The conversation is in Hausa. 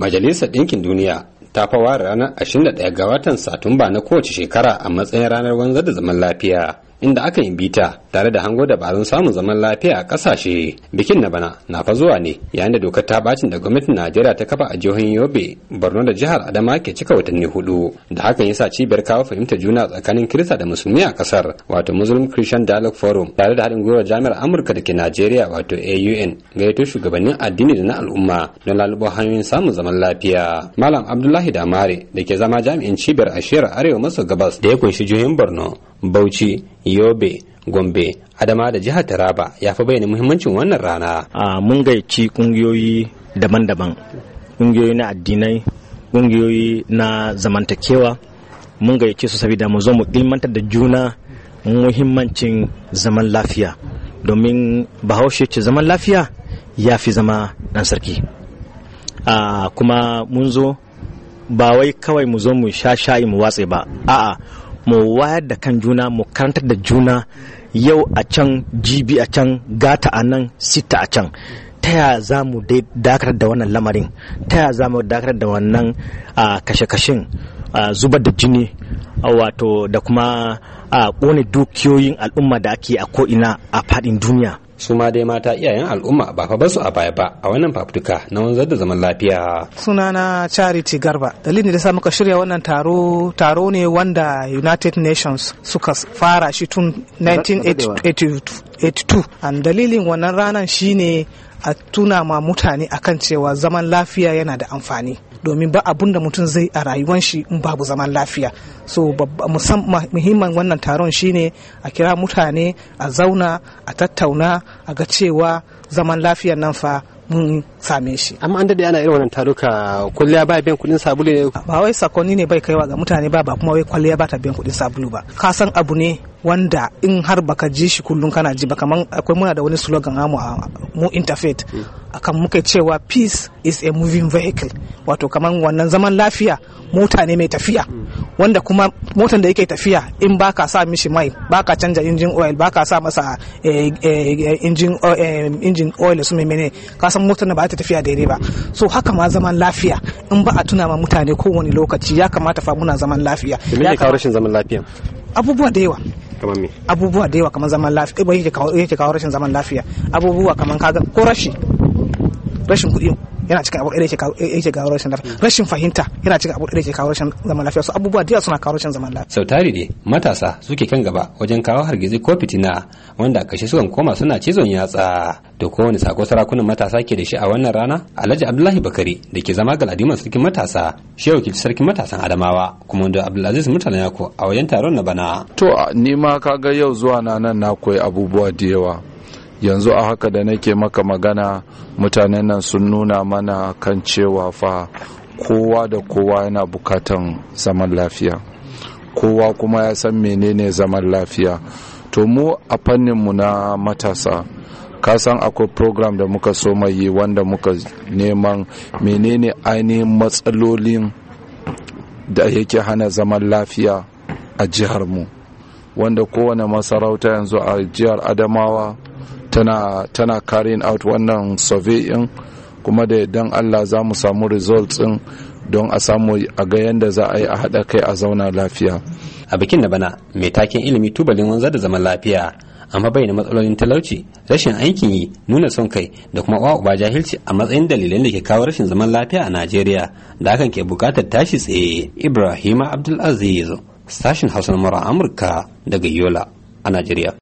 Majalisar Ɗinkin Duniya ta fawa ranar 21 ga watan Satumba na kowace shekara a matsayin ranar wanzar da zaman lafiya. inda aka yi bita tare da hango dabarun samun zaman lafiya a kasashe bikin na bana na fa zuwa ne yayin da dokar ta bacin da gwamnatin najeriya ta kafa a jihohin yobe borno da jihar adama ke cika watanni hudu da hakan yasa cibiyar kawo fahimtar juna tsakanin kirista da musulmi a kasar wato muslim christian dialogue forum tare da haɗin gwiwar jami'ar amurka da ke najeriya wato aun gayyato shugabannin addini da na al'umma don lalubo hanyoyin samun zaman lafiya malam abdullahi damare da ke zama jami'in cibiyar ashiyar arewa maso gabas da ya kunshi jihohin borno bauchi yobe gombe adama da jihar taraba ya fi bayyana muhimmancin wannan rana a mun gaici kungiyoyi daban-daban kungiyoyi na addinai kungiyoyi na zamantakewa mun gaici su saboda mu zo mu ilmantar da juna muhimmancin zaman lafiya domin bahaushe ce zaman lafiya ya fi zama dan sarki kuma mun zo ba wai kawai mu zo mu sha shayi mu watse ba a'a mu wayar da kan juna mu karantar da juna yau a can jibi a can gata a nan sita a can ta ya za mu dakatar da wannan lamarin ta ya za mu dakatar da wannan kashe-kashen zubar da jini wato da kuma a ƙone dukiyoyin al'umma da ake a ko'ina a faɗin duniya su ma dai mata iyayen al'umma ba fa basu a baya ba a wannan fafutuka na wanzar da zaman lafiya sunana charity garba dalilin da sa muka shirya wannan taro taro ne wanda united nations suka fara shi tun 1982 and dalilin wannan ranar shine a tuna ma mutane akan cewa zaman lafiya yana da amfani domin ba abun da mutum zai a rayuwan shi in babu zaman lafiya so muhimman wannan taron shine a kira mutane a zauna a tattauna a ga cewa zaman lafiyar nan fa mun same shi amma an dade ana irin wannan taruka kwalliya ba biyan kudin sabulu ne ba wai sakonni ne bai kaiwa ga mutane ba ba kuma wai kwalliya ba ta biyan kudin sabulu ba ka san abu ne wanda in har baka ji shi kullum kana ji ba kamar akwai muna da wani slogan amu a mu interfaith akan muka cewa peace is a moving vehicle wato kamar wannan zaman lafiya mota ne mai tafiya wanda kuma motan da yake tafiya in ba ka sa mishi mai ba ka canja injin oil ba ka sa masa eh, eh, eh, injin oil su mai mene ka san motar da ba ta tafiya daidai ba so haka ma zaman lafiya in ba a tuna ma mutane kowane lokaci ya kamata fa muna zaman lafiya ya kawo rashin zaman lafiya abubuwa da yawa kamar me abubuwa da yawa kamar zaman lafiya yake kawo rashin zaman lafiya abubuwa kamar kaga ko rashi rashin kuɗi yana cikin abu da yake kawo rashin lafiya rashin fahimta yana cikin abu da yake kawo rashin zaman lafiya su abubuwa da suna kawo rashin zaman lafiya sau ne matasa suke kan gaba wajen kawo hargitsi ko fitina wanda a kashe sukan koma suna cizon yatsa da kowane sako sarakunan matasa ke da shi a wannan rana alhaji abdullahi bakari da ke zama ga galadiman sarkin matasa shi ya sarkin matasan adamawa kuma da abdulaziz mutane ko a wajen taron na bana to ni ma ga yau zuwa na nan na koyi abubuwa da yawa yanzu a haka da nake maka magana mutanen nan sun nuna mana kan cewa fa kowa da kowa yana bukatan zaman lafiya kowa kuma ya san menene zaman lafiya to mu a fanninmu na matasa ka san akwai program da muka so mai yi wanda muka neman menene ainihin matsalolin da yake hana zaman lafiya a jihar mu wanda kowane masarauta yanzu a jihar adamawa tana tana carrying out wannan surveying kuma da dan Allah za mu samu results din don a samu a ga yadda za a yi a haɗa kai a zauna lafiya. A bikin na bana mai taken ilimi tubalin wanzar da zaman lafiya amma bai bayyana matsalolin talauci rashin aikin yi nuna son kai da kuma uwa uba jahilci a matsayin dalilan da ke kawo rashin zaman lafiya a Najeriya da hakan ke bukatar tashi tsaye. Ibrahima Abdulaziz sashin Hausa na Amurka daga Yola a Najeriya.